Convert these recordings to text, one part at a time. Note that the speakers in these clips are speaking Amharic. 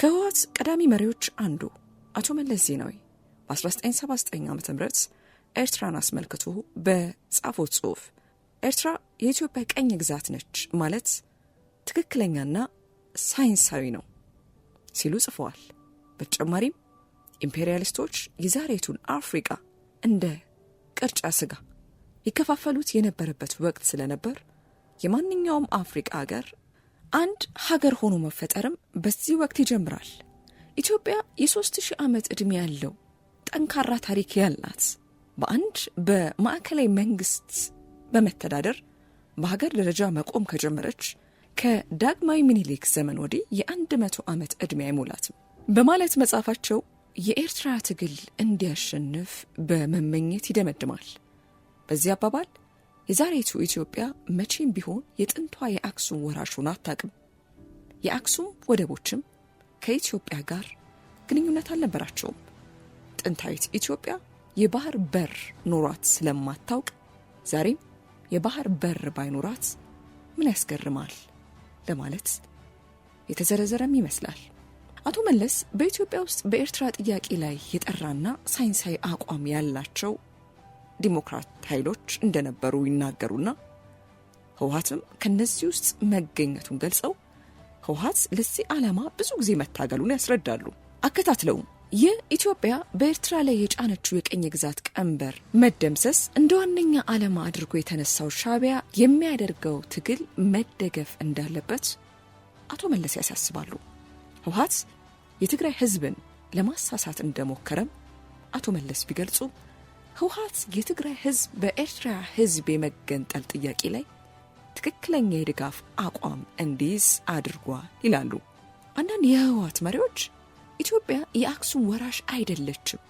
ከህወሓት ቀዳሚ መሪዎች አንዱ አቶ መለስ ዜናዊ በ1979 ዓ ም ኤርትራን አስመልክቶ በጻፎት ጽሑፍ ኤርትራ የኢትዮጵያ ቀኝ ግዛት ነች ማለት ትክክለኛና ሳይንሳዊ ነው ሲሉ ጽፈዋል። በተጨማሪም ኢምፔሪያሊስቶች የዛሬቱን አፍሪቃ እንደ ቅርጫ ስጋ ይከፋፈሉት የነበረበት ወቅት ስለነበር የማንኛውም አፍሪቃ ሀገር አንድ ሀገር ሆኖ መፈጠርም በዚህ ወቅት ይጀምራል። ኢትዮጵያ የሦስት ሺህ ዓመት ዕድሜ ያለው ጠንካራ ታሪክ ያላት በአንድ በማዕከላዊ መንግስት በመተዳደር በሀገር ደረጃ መቆም ከጀመረች ከዳግማዊ ምኒልክ ዘመን ወዲህ የአንድ መቶ ዓመት ዕድሜ አይሞላትም በማለት መጽሐፋቸው የኤርትራ ትግል እንዲያሸንፍ በመመኘት ይደመድማል። በዚህ አባባል የዛሬቱ ኢትዮጵያ መቼም ቢሆን የጥንቷ የአክሱም ወራሽ ሆና አታቅም። የአክሱም ወደቦችም ከኢትዮጵያ ጋር ግንኙነት አልነበራቸውም። ጥንታዊት ኢትዮጵያ የባህር በር ኖሯት ስለማታውቅ ዛሬም የባህር በር ባይኖራት ምን ያስገርማል ለማለት የተዘረዘረም ይመስላል። አቶ መለስ በኢትዮጵያ ውስጥ በኤርትራ ጥያቄ ላይ የጠራና ሳይንሳዊ አቋም ያላቸው ዲሞክራት ኃይሎች እንደነበሩ ይናገሩና ህወሀትም ከነዚህ ውስጥ መገኘቱን ገልጸው ህወሀት ለዚህ ዓላማ ብዙ ጊዜ መታገሉን ያስረዳሉ። አከታትለውም ይህ ኢትዮጵያ በኤርትራ ላይ የጫነችው የቀኝ ግዛት ቀንበር መደምሰስ እንደ ዋነኛ ዓላማ አድርጎ የተነሳው ሻቢያ የሚያደርገው ትግል መደገፍ እንዳለበት አቶ መለስ ያሳስባሉ። ህወሀት የትግራይ ህዝብን ለማሳሳት እንደሞከረም አቶ መለስ ቢገልጹ ህወሓት የትግራይ ህዝብ በኤርትራ ህዝብ የመገንጠል ጥያቄ ላይ ትክክለኛ የድጋፍ አቋም እንዲይዝ አድርጓል ይላሉ አንዳንድ የህወሓት መሪዎች። ኢትዮጵያ የአክሱም ወራሽ አይደለችም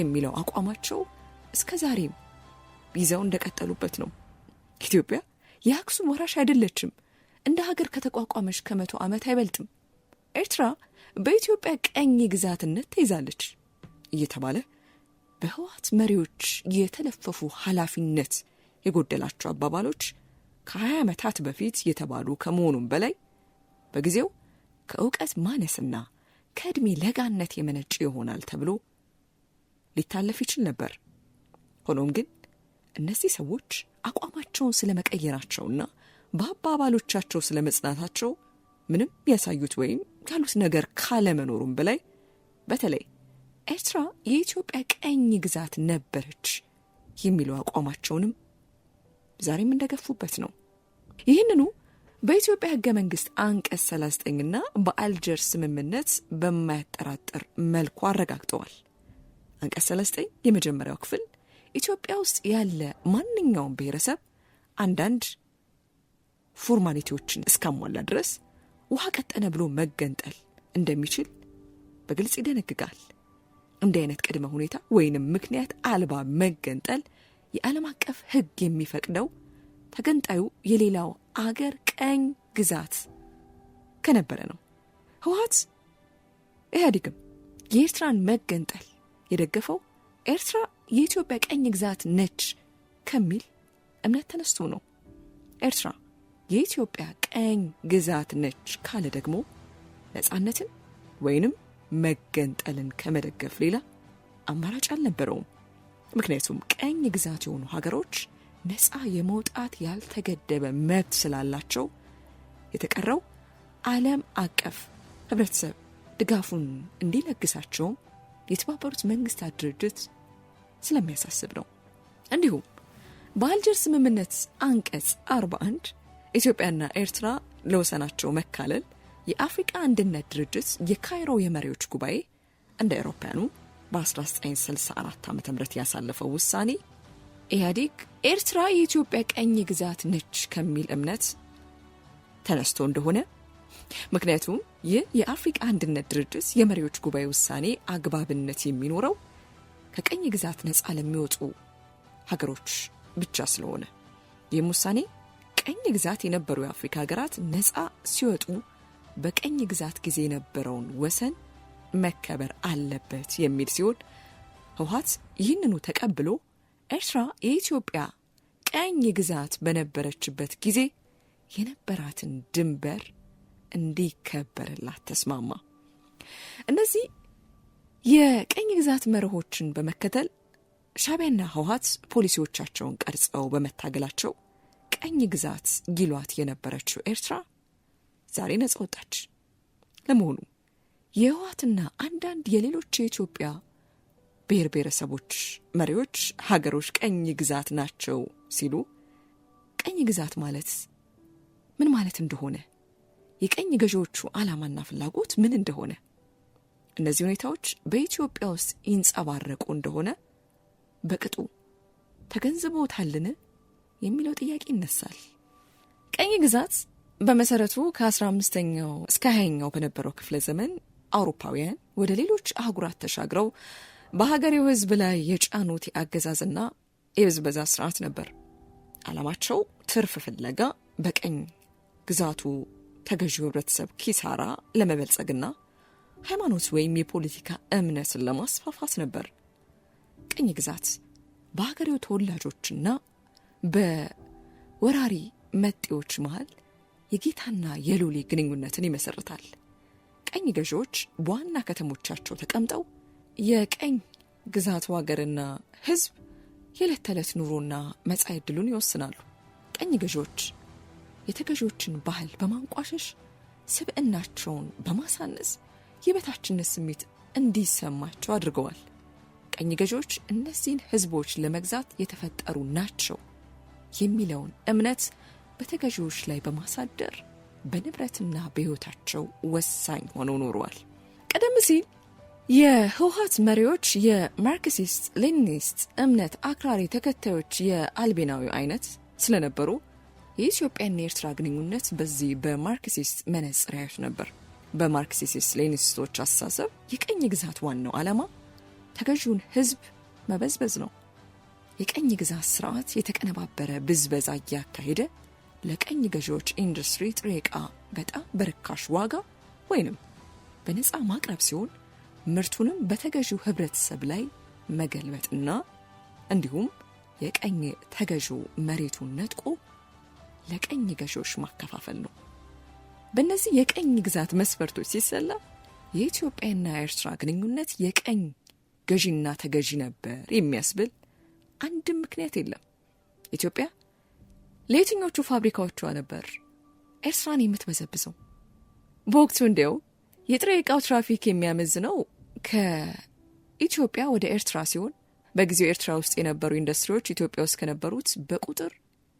የሚለው አቋማቸው እስከ ዛሬም ይዘው እንደቀጠሉበት ነው። ኢትዮጵያ የአክሱም ወራሽ አይደለችም፣ እንደ ሀገር ከተቋቋመች ከመቶ ዓመት አይበልጥም፣ ኤርትራ በኢትዮጵያ ቀኝ ግዛትነት ትይዛለች እየተባለ በህወሓት መሪዎች የተለፈፉ ኃላፊነት የጎደላቸው አባባሎች ከ20 ዓመታት በፊት የተባሉ ከመሆኑም በላይ በጊዜው ከእውቀት ማነስና ከዕድሜ ለጋነት የመነጭ ይሆናል ተብሎ ሊታለፍ ይችል ነበር። ሆኖም ግን እነዚህ ሰዎች አቋማቸውን ስለ መቀየራቸውና በአባባሎቻቸው ስለ መጽናታቸው ምንም ያሳዩት ወይም ያሉት ነገር ካለመኖሩም በላይ በተለይ ኤርትራ የኢትዮጵያ ቀኝ ግዛት ነበረች የሚለው አቋማቸውንም ዛሬም እንደገፉበት ነው። ይህንኑ በኢትዮጵያ ህገ መንግስት አንቀጽ 39ና በአልጀር ስምምነት በማያጠራጥር መልኩ አረጋግጠዋል። አንቀጽ 39 የመጀመሪያው ክፍል ኢትዮጵያ ውስጥ ያለ ማንኛውም ብሔረሰብ አንዳንድ ፎርማሊቲዎችን እስካሟላ ድረስ ውሃ ቀጠነ ብሎ መገንጠል እንደሚችል በግልጽ ይደነግጋል። እንዲህ አይነት ቅድመ ሁኔታ ወይንም ምክንያት አልባ መገንጠል የዓለም አቀፍ ሕግ የሚፈቅደው ተገንጣዩ የሌላው አገር ቀኝ ግዛት ከነበረ ነው። ህወሓት ኢህአዴግም የኤርትራን መገንጠል የደገፈው ኤርትራ የኢትዮጵያ ቀኝ ግዛት ነች ከሚል እምነት ተነስቶ ነው። ኤርትራ የኢትዮጵያ ቀኝ ግዛት ነች ካለ ደግሞ ነፃነትን ወይንም መገንጠልን ከመደገፍ ሌላ አማራጭ አልነበረውም። ምክንያቱም ቀኝ ግዛት የሆኑ ሀገሮች ነፃ የመውጣት ያልተገደበ መብት ስላላቸው የተቀረው ዓለም አቀፍ ህብረተሰብ ድጋፉን እንዲለግሳቸውም የተባበሩት መንግስታት ድርጅት ስለሚያሳስብ ነው። እንዲሁም በአልጀር ስምምነት አንቀጽ 41 ኢትዮጵያና ኤርትራ ለወሰናቸው መካለል የአፍሪቃ አንድነት ድርጅት የካይሮ የመሪዎች ጉባኤ እንደ አውሮፓውያኑ በ1964 ዓ ም ያሳለፈው ውሳኔ ኢህአዴግ ኤርትራ የኢትዮጵያ ቀኝ ግዛት ነች ከሚል እምነት ተነስቶ እንደሆነ ምክንያቱም ይህ የአፍሪቃ አንድነት ድርጅት የመሪዎች ጉባኤ ውሳኔ አግባብነት የሚኖረው ከቀኝ ግዛት ነፃ ለሚወጡ ሀገሮች ብቻ ስለሆነ ይህም ውሳኔ ቀኝ ግዛት የነበሩ የአፍሪካ ሀገራት ነፃ ሲወጡ በቀኝ ግዛት ጊዜ የነበረውን ወሰን መከበር አለበት የሚል ሲሆን ህወሓት ይህንኑ ተቀብሎ ኤርትራ የኢትዮጵያ ቀኝ ግዛት በነበረችበት ጊዜ የነበራትን ድንበር እንዲከበርላት ተስማማ። እነዚህ የቀኝ ግዛት መርሆችን በመከተል ሻቢያና ህወሓት ፖሊሲዎቻቸውን ቀርጸው በመታገላቸው ቀኝ ግዛት ይሏት የነበረችው ኤርትራ ዛሬ ነጻ ወጣች። ለመሆኑ የህወሓትና አንዳንድ የሌሎች የኢትዮጵያ ብሔር ብሔረሰቦች መሪዎች ሀገሮች ቀኝ ግዛት ናቸው ሲሉ ቀኝ ግዛት ማለት ምን ማለት እንደሆነ የቀኝ ገዢዎቹ ዓላማና ፍላጎት ምን እንደሆነ እነዚህ ሁኔታዎች በኢትዮጵያ ውስጥ ይንጸባረቁ እንደሆነ በቅጡ ተገንዝቦታልን የሚለው ጥያቄ ይነሳል። ቀኝ ግዛት በመሰረቱ ከአስራ አምስተኛው እስከ 20ኛው በነበረው ክፍለ ዘመን አውሮፓውያን ወደ ሌሎች አህጉራት ተሻግረው በሀገሬው ህዝብ ላይ የጫኑት የአገዛዝና የብዝበዛ ስርዓት ነበር። አላማቸው ትርፍ ፍለጋ በቀኝ ግዛቱ ተገዢው ህብረተሰብ ኪሳራ ለመበልጸግና ሃይማኖት ወይም የፖለቲካ እምነትን ለማስፋፋት ነበር። ቅኝ ግዛት በሀገሬው ተወላጆችና በወራሪ መጤዎች መሃል የጌታና የሎሌ ግንኙነትን ይመሰርታል። ቀኝ ገዢዎች በዋና ከተሞቻቸው ተቀምጠው የቀኝ ግዛቱ ሀገርና ሕዝብ የዕለት ተዕለት ኑሮና መጻኢ ዕድሉን ይወስናሉ። ቀኝ ገዢዎች የተገዢዎችን ባህል በማንቋሸሽ ስብዕናቸውን በማሳነስ የበታችነት ስሜት እንዲሰማቸው አድርገዋል። ቀኝ ገዢዎች እነዚህን ሕዝቦች ለመግዛት የተፈጠሩ ናቸው የሚለውን እምነት በተገዢዎች ላይ በማሳደር በንብረትና በሕይወታቸው ወሳኝ ሆነው ኖረዋል። ቀደም ሲል የህወሀት መሪዎች የማርክሲስት ሌኒኒስት እምነት አክራሪ ተከታዮች የአልቤናዊ አይነት ስለነበሩ የኢትዮጵያና የኤርትራ ግንኙነት በዚህ በማርክሲስት መነጽር ያዩት ነበር። በማርክሲስት ሌኒኒስቶች አስተሳሰብ የቀኝ ግዛት ዋናው ዓላማ ተገዢውን ህዝብ መበዝበዝ ነው። የቀኝ ግዛት ስርዓት የተቀነባበረ ብዝበዛ እያካሄደ ለቀኝ ገዢዎች ኢንዱስትሪ ጥሬ ዕቃ በጣም በርካሽ ዋጋ ወይንም በነፃ ማቅረብ ሲሆን ምርቱንም በተገዢው ህብረተሰብ ላይ መገልበጥና እንዲሁም የቀኝ ተገዢው መሬቱን ነጥቆ ለቀኝ ገዢዎች ማከፋፈል ነው። በእነዚህ የቀኝ ግዛት መስፈርቶች ሲሰላ የኢትዮጵያና የኤርትራ ግንኙነት የቀኝ ገዢና ተገዢ ነበር የሚያስብል አንድም ምክንያት የለም። ኢትዮጵያ ለየትኞቹ ፋብሪካዎቿ ነበር ኤርትራን የምትበዘብዘው? በወቅቱ እንዲው የጥሬ ዕቃው ትራፊክ የሚያመዝነው ከኢትዮጵያ ወደ ኤርትራ ሲሆን በጊዜው ኤርትራ ውስጥ የነበሩ ኢንዱስትሪዎች ኢትዮጵያ ውስጥ ከነበሩት በቁጥር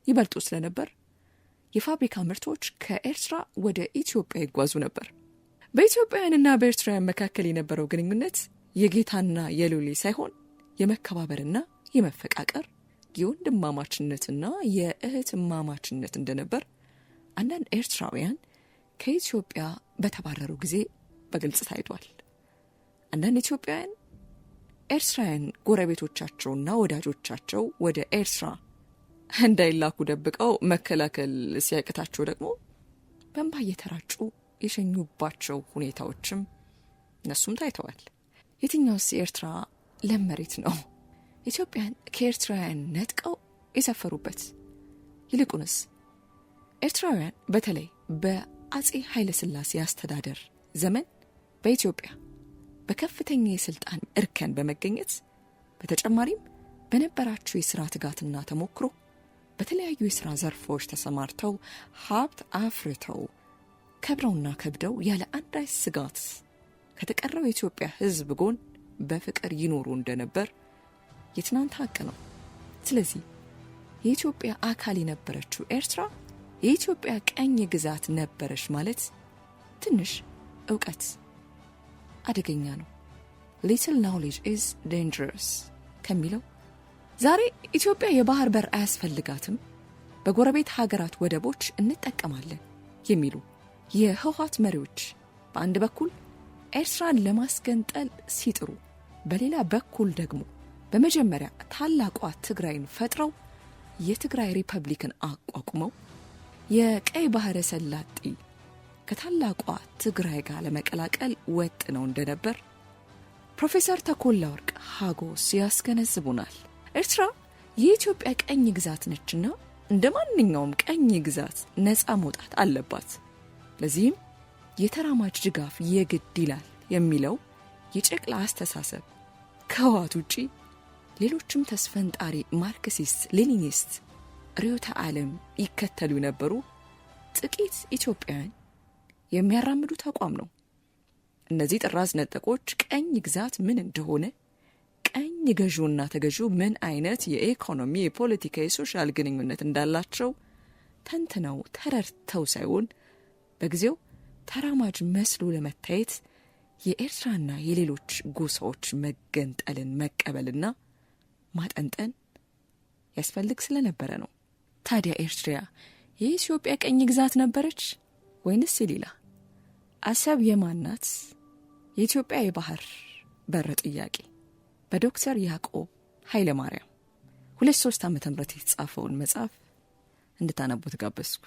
ይበልጡ ስለነበር የፋብሪካ ምርቶች ከኤርትራ ወደ ኢትዮጵያ ይጓዙ ነበር። በኢትዮጵያውያንና በኤርትራውያን መካከል የነበረው ግንኙነት የጌታና የሉሌ ሳይሆን የመከባበርና የመፈቃቀር የወንድማማችነትና የእህትማማችነት እንደነበር አንዳንድ ኤርትራውያን ከኢትዮጵያ በተባረሩ ጊዜ በግልጽ ታይቷል። አንዳንድ ኢትዮጵያውያን ኤርትራውያን ጎረቤቶቻቸውና ወዳጆቻቸው ወደ ኤርትራ እንዳይላኩ ደብቀው መከላከል ሲያቅታቸው ደግሞ በእንባ እየተራጩ የሸኙባቸው ሁኔታዎችም እነሱም ታይተዋል። የትኛውስ ኤርትራ ለም መሬት ነው? ኢትዮጵያን ከኤርትራውያን ነጥቀው የሰፈሩበት ይልቁንስ ኤርትራውያን በተለይ በአጼ ኃይለ ሥላሴ አስተዳደር ዘመን በኢትዮጵያ በከፍተኛ የስልጣን እርከን በመገኘት በተጨማሪም በነበራቸው የሥራ ትጋትና ተሞክሮ በተለያዩ የሥራ ዘርፎች ተሰማርተው ሀብት አፍርተው ከብረውና ከብደው ያለ አንዳች ስጋት ከተቀረው የኢትዮጵያ ሕዝብ ጎን በፍቅር ይኖሩ እንደነበር የትናንት ሀቅ ነው። ስለዚህ የኢትዮጵያ አካል የነበረችው ኤርትራ የኢትዮጵያ ቀኝ ግዛት ነበረች ማለት ትንሽ እውቀት አደገኛ ነው። ሊትል ናውሌጅ ኢዝ ዴንጀረስ ከሚለው ዛሬ ኢትዮጵያ የባህር በር አያስፈልጋትም፣ በጎረቤት ሀገራት ወደቦች እንጠቀማለን የሚሉ የህወሓት መሪዎች በአንድ በኩል ኤርትራን ለማስገንጠል ሲጥሩ፣ በሌላ በኩል ደግሞ በመጀመሪያ ታላቋ ትግራይን ፈጥረው የትግራይ ሪፐብሊክን አቋቁመው የቀይ ባህረ ሰላጤ ከታላቋ ትግራይ ጋር ለመቀላቀል ወጥ ነው እንደነበር ፕሮፌሰር ተኮላ ወርቅ ሀጎስ ያስገነዝቡናል። ኤርትራ የኢትዮጵያ ቀኝ ግዛት ነችና እንደ ማንኛውም ቀኝ ግዛት ነፃ መውጣት አለባት። ለዚህም የተራማጅ ድጋፍ የግድ ይላል የሚለው የጨቅላ አስተሳሰብ ከህወሓት ውጪ ሌሎችም ተስፈንጣሪ ማርክሲስት ሌኒኒስት ርዕዮተ ዓለም ይከተሉ የነበሩ ጥቂት ኢትዮጵያውያን የሚያራምዱ ተቋም ነው። እነዚህ ጥራዝ ነጠቆች ቀኝ ግዛት ምን እንደሆነ፣ ቀኝ ገዢውና ተገዢው ምን አይነት የኢኮኖሚ፣ የፖለቲካ፣ የሶሻል ግንኙነት እንዳላቸው ተንትነው ተረድተው ሳይሆን በጊዜው ተራማጅ መስሎ ለመታየት የኤርትራና የሌሎች ጎሳዎች መገንጠልን መቀበልና ማጠንጠን ያስፈልግ ስለነበረ ነው። ታዲያ ኤርትሪያ የኢትዮጵያ ቀኝ ግዛት ነበረች ወይንስ የሌላ? አሰብ የማን ናት? የኢትዮጵያ የባህር በር ጥያቄ በዶክተር ያዕቆብ ሁለት ሶስት ዓመተ ዓ.ም የተጻፈውን መጽሐፍ እንድታነቡት ጋበስኩ?